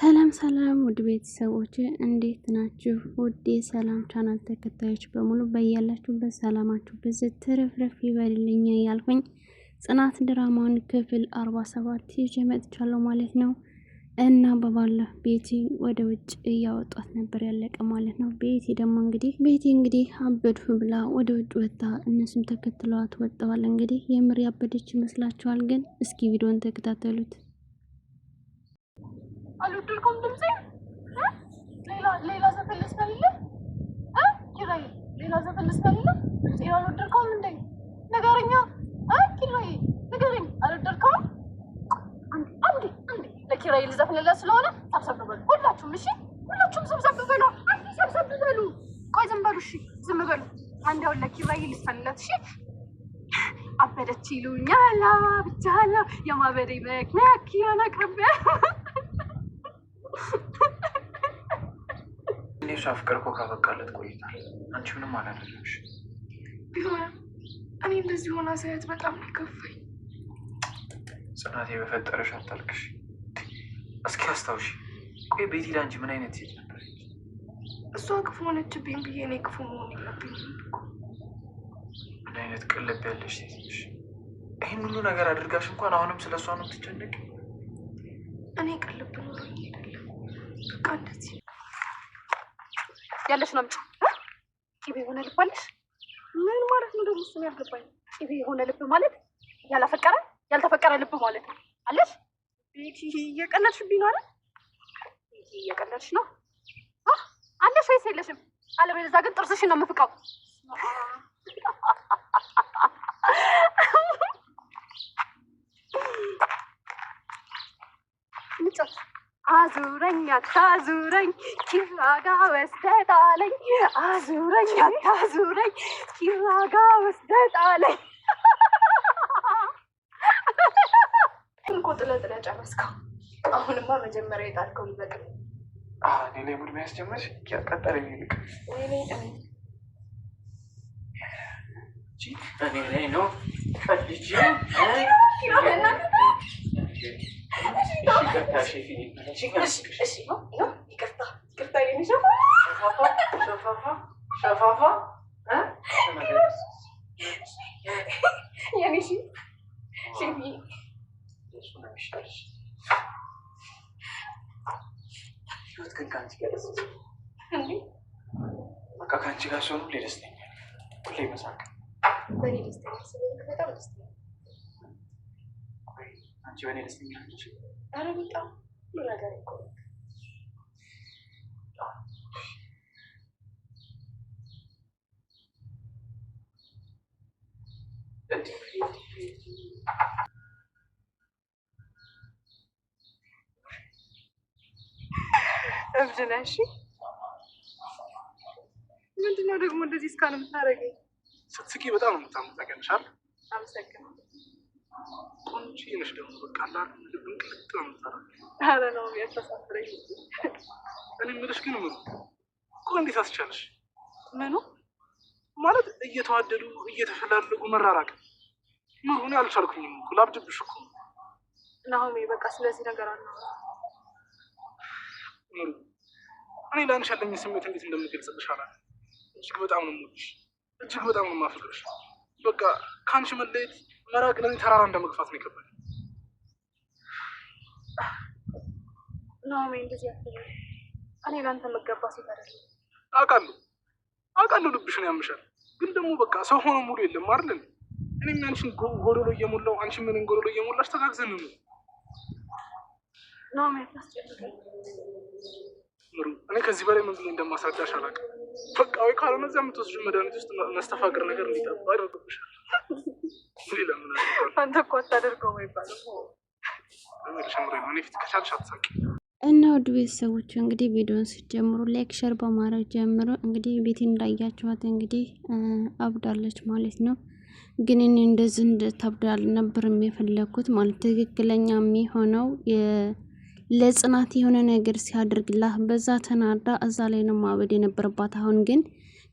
ሰላም ሰላም ውድ ቤተሰቦች እንዴት ናችሁ? ውድ ሰላም ቻናል ተከታዮች በሙሉ በያላችሁበት ሰላማችሁ ብዙ ትርፍርፍ ይበልልኝ ያልኩኝ ጽናት ድራማውን ክፍል አርባ ሰባት ይዤ መጥቻለሁ ማለት ነው። እና በባለ ቤቲ ወደ ውጭ እያወጧት ነበር ያለቀ ማለት ነው። ቤቲ ደግሞ እንግዲህ ቤቲ እንግዲህ አበድሁ ብላ ወደ ውጭ ወጣ፣ እነሱም ተከትለዋት ወጥተዋል። እንግዲህ የምር ያበደች ይመስላችኋል? ግን እስኪ ቪዲዮን ተከታተሉት። አልወደድኩም። ድምጼ ሌላ ዘፈን ልስፈልለ ኪራይ፣ ሌላ ዘፈን ልስፈልለ ድምጼ አልወደድከውም እንዴ? ነገርኛ ኪራይ፣ ነገርኝ። አልወደድከውም አንዴ አንዴ ለኪራይ ልዘፍንለት ስለሆነ ሰብሰብ በሉ ሁላችሁም። እሺ ሁላችሁም ሰብሰብ በሉ። አንዴ ሰብሰብ በሉ። ቆይ ዝም በሉ። እሺ ዝም በሉ። አንድ ያው ለኪራይ ልስፈልለት። እሺ አበደች ይሉኛል ብቻ ያለው የማበሬ ምክንያት ኪራን አቅርቤ እሱ አፍቅር እኮ ካበቃለት ቆይታል። አንቺ ምንም አላደረግሽ። ቢሆንም እኔ እንደዚህ ሆና ሳያት በጣም ነው ጽናቴ በፈጠረሽ አታልቅሽ። እስኪ አስታውሽ። ቆይ ቤቲ ለአንቺ ምን አይነት ሴት ነበር? እሷ ክፉ ሆነችብኝ ብዬ እኔ ክፉ መሆን የለብኝ። ምን አይነት ቅልብ ያለሽ ሴት ነሽ! ይህን ሁሉ ነገር አድርጋሽ እንኳን አሁንም ስለ እሷ ነው የምትጨነቅ። እኔ ቅልብ ኖሮኝ አይደለም በቃ እንደዚህ ያለሽ ነው ምጭ የሆነ ልብ አለሽ። ምን ማለት ነው ደግሞ? እሱን ያልገባኝ ቂቤ የሆነ ልብ ማለት ያላፈቀረ ያልተፈቀረ ልብ ማለት ነው አለሽ። ቤቲ እየቀለድሽብኝ ነው አለ። እየቀለድሽ ነው አለሽ ወይስ የለሽም? አለበለዚያ ግን ጥርስሽን ነው የምፍቃው። አዙረኝ አታዙረኝ ኪራጋ ወስደጣለኝ አዙረኝ አታዙረኝ ኪራጋ ወስደጣለኝ። እንቁጥለ ጥለ ጨረስከው። አሁንማ መጀመሪያ የጣልከው ይበቅል ሌላ ቡድን ያስጀመርሽ ያቀጠለ ይልቅ እኔ ላይ ነው ፈልጅ ከአንቺ ጋር ሲሆን ሁሌ ደስተኛ ሁሌ መሳቅ በጣም ደስተኛ አንቺ በእኔ ደስተኛ ነች። አረ በጣም ሁሉ ነገር እኮ እብድ ነሽ። ምንድን ነው ደግሞ እንደዚህ እስካሁን የምታደርገኝ? ስትስቂ በጣም ነው የምታመጣቀንሻል። አመሰግናለሁ። ቆንጆ ነሽ ደግሞ በቃ አላት ልብን ቅልጥ ነው አረ ነው ያሳፍረኝ። እኔ የምልሽ ግን ምኑ እኮ እንዴት አስቻለሽ? ምኑ ማለት እየተዋደዱ እየተፈላለጉ መራራቅ? ምሩ እኔ አልቻልኩኝም እኮ ላብድብሽ እኮ ናሆሜ። በቃ ስለዚህ ነገር አለ ምሩ። እኔ ለአንቺ ያለኝ ስሜት እንዴት እንደምገልጽልሽ አላውቅም። እጅግ በጣም ነው የምወድሽ፣ እጅግ በጣም ነው የማፈቅርሽ። በቃ ከአንቺ መለየት መራቅ ለዚህ ተራራ እንደመግፋት ነው የከበደ ናሜ። እንደዚህ ያለ እኔ ለአንተ መገባ ሴት አይደለም። አውቃለሁ አውቃለሁ፣ ልብሽን ያምሻል። ግን ደግሞ በቃ ሰው ሆኖ ሙሉ የለም አይደል? እኔም ያንቺን ጎዶሎ እየሞላው አንቺ ምንን ጎዶሎ እየሞላሽ ተጋግዘን ነው። ናሜ ታስጨንቀኝ። እኔ ከዚህ በላይ ምን ብዬ እንደማስረዳሽ አላውቅም። በቃ ወይ ካልሆነ እዚያ የምትወስጂው መድኃኒት ውስጥ መስተፋቅር ነገር እንዲጠባ ያደርግብሻል። እና ወደ ቤተሰቦቹ እንግዲህ ቪዲዮን ስትጀምሩ ላይክ ሸር በማድረግ ጀምሩ። እንግዲህ ቤት እንዳያችኋት እንግዲህ አብዳለች ማለት ነው። ግን እኔ እንደዚህ እንድታብዳል ነበር የፈለግኩት ማለት ትክክለኛ የሚሆነው ለጽናት የሆነ ነገር ሲያደርግላት በዛ ተናዳ እዛ ላይ ነው ማበድ የነበረባት አሁን ግን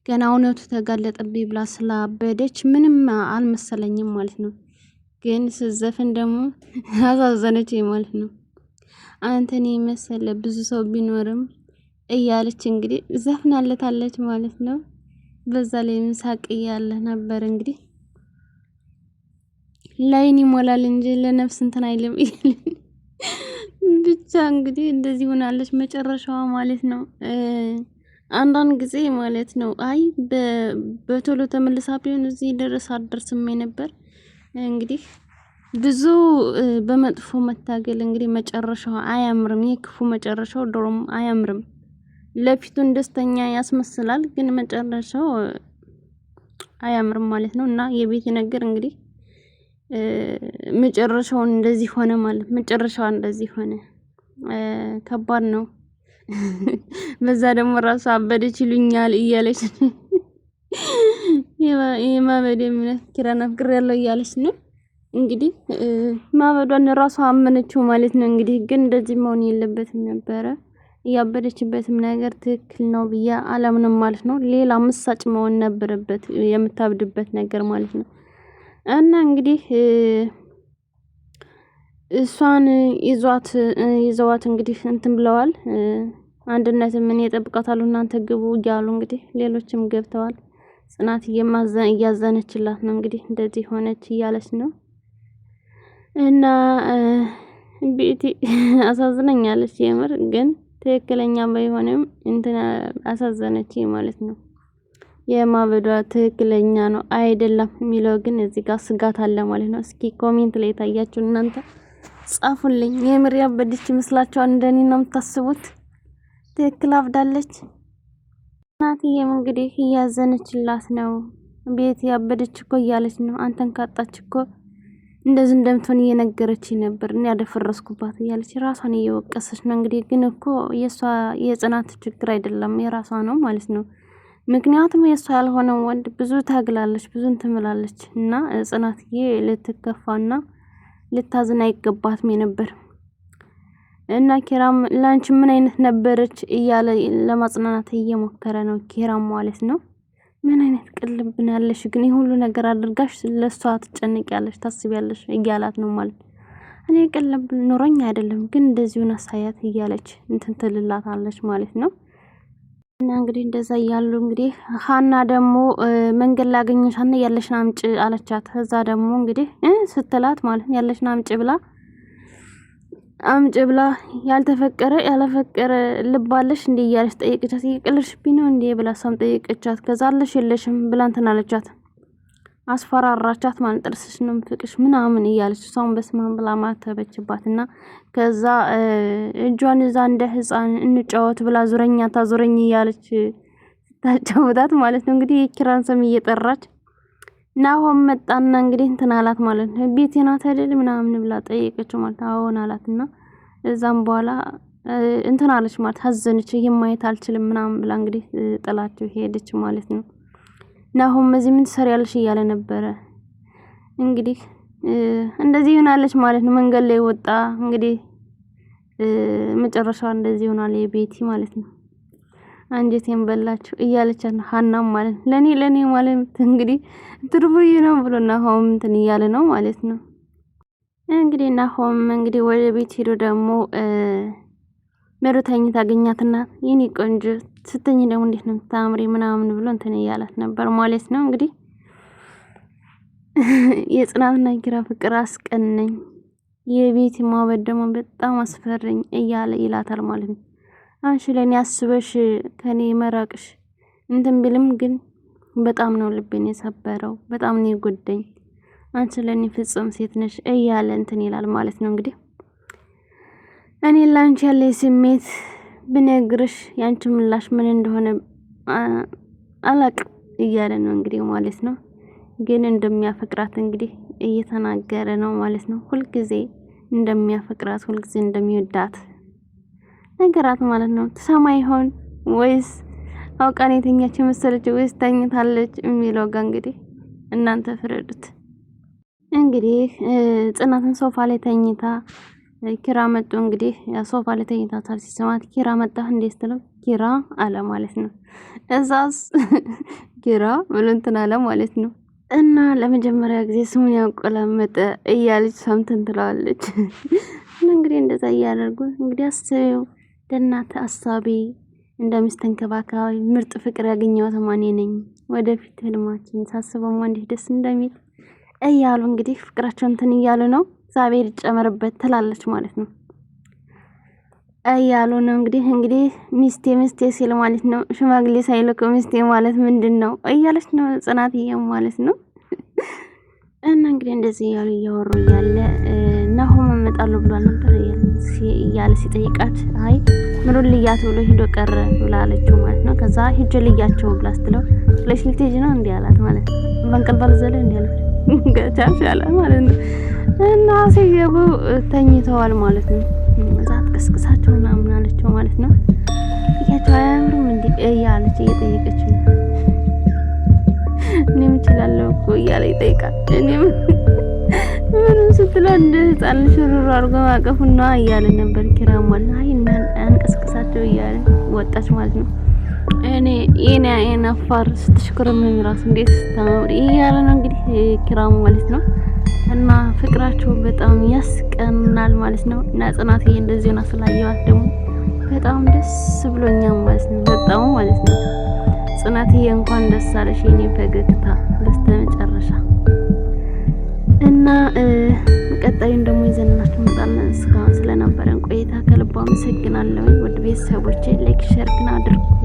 ገና እውነቱ ተጋለጠብኝ ብላ ስላበደች ምንም አልመሰለኝም ማለት ነው። ግን ስዘፍን ደግሞ አሳዘነች ማለት ነው። አንተን የመሰለ ብዙ ሰው ቢኖርም እያለች እንግዲህ ዘፍናለታለች ማለት ነው። በዛ ላይ ምሳቅ እያለ ነበር እንግዲህ ላይን ይሞላል እንጂ ለነፍስ እንትን አይልም። ብቻ እንግዲህ እንደዚህ ሆናለች መጨረሻዋ ማለት ነው። አንዳንድ ጊዜ ማለት ነው አይ በቶሎ ተመልሳ ቢሆን እዚህ ድረስ አደርስም ነበር። እንግዲህ ብዙ በመጥፎ መታገል እንግዲህ መጨረሻው አያምርም። የክፉ መጨረሻው ድሮም አያምርም። ለፊቱን ደስተኛ ያስመስላል፣ ግን መጨረሻው አያምርም ማለት ነው። እና የቤት ነገር እንግዲህ መጨረሻውን እንደዚህ ሆነ ማለት መጨረሻዋ እንደዚህ ሆነ። ከባድ ነው። በዛ ደግሞ ራሱ አበደች ይሉኛል እያለች የማበድ የምነት ኪራን አፍቅር ያለው እያለች ነው እንግዲህ ማበዷን ራሷ አመነችው ማለት ነው። እንግዲህ ግን እንደዚህ መሆን የለበትም ነበረ። እያበደችበትም ነገር ትክክል ነው ብዬ አላምንም ማለት ነው። ሌላ ምሳጭ መሆን ነበረበት የምታብድበት ነገር ማለት ነው። እና እንግዲህ እሷን ይዟት ይዘዋት እንግዲህ እንትን ብለዋል። አንድነትን ምን የጠብቃታሉ እናንተ ግቡ እያሉ እንግዲህ ሌሎችም ገብተዋል። ጽናት እያዘነችላት ነው እንግዲህ እንደዚህ ሆነች እያለች ነው እና ቤቲ አሳዝነኛለች የምር ግን ትክክለኛ ባይሆንም እንትን አሳዘነች ማለት ነው። የማበዷ ትክክለኛ ነው አይደለም የሚለው ግን እዚህ ጋር ስጋት አለ ማለት ነው። እስኪ ኮሜንት ላይ የታያችሁ እናንተ ጻፉልኝ። የምር ያበደች ይመስላችኋል? እንደኔ ነው የምታስቡት? ትክክል አብዳለች። እናትዬም እንግዲህ እያዘነችላት ነው። ቤት ያበደች እኮ እያለች ነው። አንተን ካጣች እኮ እንደዚህ እንደምትሆን እየነገረች ነበር። እኔ ያደፈረስኩባት እያለች ራሷን እየወቀሰች ነው። እንግዲህ ግን እኮ የእሷ የጽናት ችግር አይደለም የራሷ ነው ማለት ነው። ምክንያቱም የእሷ ያልሆነው ወንድ ብዙ ታግላለች፣ ብዙ ትምላለች እና ጽናትዬ ልትከፋና ልታዝን አይገባትም ነበር። እና ኪራም ላንቺ ምን አይነት ነበረች እያለ ለማጽናናት እየሞከረ ነው ኪራም ማለት ነው። ምን አይነት ቅልብ ነው ያለሽ ግን ሁሉ ነገር አድርጋሽ ለሷ ትጨነቂያለሽ፣ ታስቢያለሽ እያላት ነው ማለት ነው። እኔ ቅልብ ኖሮኝ አይደለም ግን እንደዚሁን አሳያት እያለች እንትን ትልላታለች ማለት ነው። እና እንግዲህ እንደዛ እያሉ እንግዲህ ሀና ደግሞ መንገድ ላገኘሽ ሀና ያለሽን አምጭ አለቻት። እዛ ደግሞ እንግዲህ ስትላት ማለት ነው ያለሽን አምጭ ብላ አምጪ ብላ ያልተፈቀረ ያልፈቀረ ልባለሽ እንዴ እያለች ጠየቀቻት። እየቀለድሽብኝ ነው እንዴ ብላ እሷም ጠየቀቻት። ከዛለሽ የለሽም ብላ እንትን አለቻት። አስፈራራቻት። ማን ጥርስሽ ነው ምፍቅሽ ምናምን እያለች እሷም በስማን ብላ ማተበችባት እና ከዛ እጇን እዛ እንደ ህፃን እንጫወት ብላ ዙረኛ ታዙረኝ እያለች ስታጫወታት ማለት ነው እንግዲህ የኪራን ስም እየጠራች ናሆም መጣና እንግዲህ እንትን አላት ማለት ነው። ቤቴ ናት አይደል ምናምን ብላ ጠየቀችው ማለት ነው። አዎን አላትና እዛም በኋላ እንትን አለች ማለት ሀዘነች። ይሄ ማየት አልችልም ምናምን ብላ እንግዲህ ጥላቸው ሄደች ማለት ነው። ናሆም እዚህ ምን ትሰሪያለሽ እያለ ነበረ እንግዲህ እንደዚህ ይሆናለች ማለት ነው። መንገድ ላይ ወጣ እንግዲህ መጨረሻ እንደዚህ ይሆናል የቤቲ ማለት ነው። አንጀቴን በላችሁ እያለች ሀና ማለት ለኔ ለኔ ማለት እንግዲህ ትርቡይ ነው ብሎ ናሆም እንትን እያለ ነው ማለት ነው። እንግዲህ ናሆም እንግዲህ ወደ ቤት ሄዶ ደግሞ መሮታኝ ታገኛትና የኔ ቆንጆ ስተኝ ደግሞ እንዴት ነው ምታምሪ ምናምን ብሎ እንትን እያላት ነበር ማለት ነው። እንግዲህ የጽናትና ኪራ ፍቅር አስቀነኝ፣ የቤት ማበድ ደግሞ በጣም አስፈረኝ እያለ ይላታል ማለት ነው። አንቺ ለእኔ አስበሽ ከኔ መራቅሽ እንትን ቢልም ግን በጣም ነው ልቤን የሰበረው፣ በጣም ነው የጎዳኝ። አንቺ ለእኔ ፍጹም ሴት ነሽ እያለ እንትን ይላል ማለት ነው። እንግዲህ እኔ ላንቺ ያለ ስሜት ብነግርሽ ያንቺ ምላሽ ምን እንደሆነ አላቅ እያለ ነው እንግዲህ ማለት ነው። ግን እንደሚያፈቅራት እንግዲህ እየተናገረ ነው ማለት ነው። ሁልጊዜ እንደሚያፈቅራት፣ ሁልጊዜ እንደሚወዳት ነገራት ማለት ነው። ትሰማ ይሆን ወይስ አውቃን የተኛች መሰለች ወይስ ተኝታለች የሚለው ጋ እንግዲህ እናንተ ፍረዱት። እንግዲህ ጽናትን ሶፋ ላይ ተኝታ ኪራ መጡ። እንግዲህ ሶፋ ላይ ተኝታ ተኝታታል። ሲሰማት ኪራ መጣ እንዴ ስትለው ኪራ አለ ማለት ነው። እዛስ ኪራ ብሎ እንትን አለ ማለት ነው። እና ለመጀመሪያ ጊዜ ስሙን ያቆላመጠ እያለች ሰምተን ትለዋለች። እና እንግዲህ እንደዛ እያደረጉ እንግዲህ አስበው ደናተ አሳቢ እንደ ሚስት ተንከባካቢ ምርጥ ፍቅር ያገኘው ማኔ ነኝ። ወደፊት ህልማችን ሳስበማ እንዲህ ደስ እንደሚል እያሉ እንግዲህ ፍቅራቸው እንትን እያሉ ነው። እግዚአብሔር ይጨመርበት ትላለች ማለት ነው እያሉ ነው እንግዲህ እንግዲህ ሚስቴ ሚስቴ ሲል ማለት ነው። ሽማግሌ ሳይልኩ ሚስቴ ማለት ምንድን ነው እያለች ነው ጽናት እየው ማለት ነው። እና እንግዲህ እንደዚህ እያሉ እያወሩ እያለ ናሆም እመጣለሁ ብሏል ነበር እያለ ሲጠይቃት አይ ምሩን ልያት ብሎ ሂዶ ቀረ ብላ አለችው ማለት ነው። ከዛ ሂጅ ልያቸው ብላ ስትለው ስለሽ ልትሄጂ ነው እንዲህ አላት ማለት ነው። በእንቅልባል ዘለ እንዲህ አለ ገቻሽ ያለ ማለት ነው። እና ሰየቡ ተኝተዋል ማለት ነው። እዛ አትቀስቅሳቸው ምናምን አለችው ማለት ነው። ልያቸው አያምሩም እንዲህ እያለች እየጠየቀች ነው። እኔም እችላለሁ እኮ እያለ ይጠይቃል እኔም ምንም ስትለ እንደ ህፃን ሽሩሩ አድርጎ ማቀፉና እያለ ነበር። ኪራሟል አይ አንቀስቅሳቸው እያለ ወጣች ማለት ነው። እኔ የኔ አይን አፋር ስትሽኩርም ራሱ እንዴት ስታምር እያለ ነው እንግዲህ ኪራሙ ማለት ነው። እና ፍቅራቸው በጣም ያስቀናል ማለት ነው። እና ጽናትዬ እንደዚህ ሆና ስላየዋት ደግሞ በጣም ደስ ብሎኛል ማለት ነው። በጣም ማለት ነው ጽናትዬ እንኳን ደስ አለሽ የኔ ፈገግታ እና ቀጣዩን ደግሞ ይዘንላችሁ እንመጣለን። እስካሁን ስለነበረን ቆይታ ከልባ አመሰግናለሁ። ውድ ቤተሰቦቼ ላይክ ሸር ግን አድርጉ።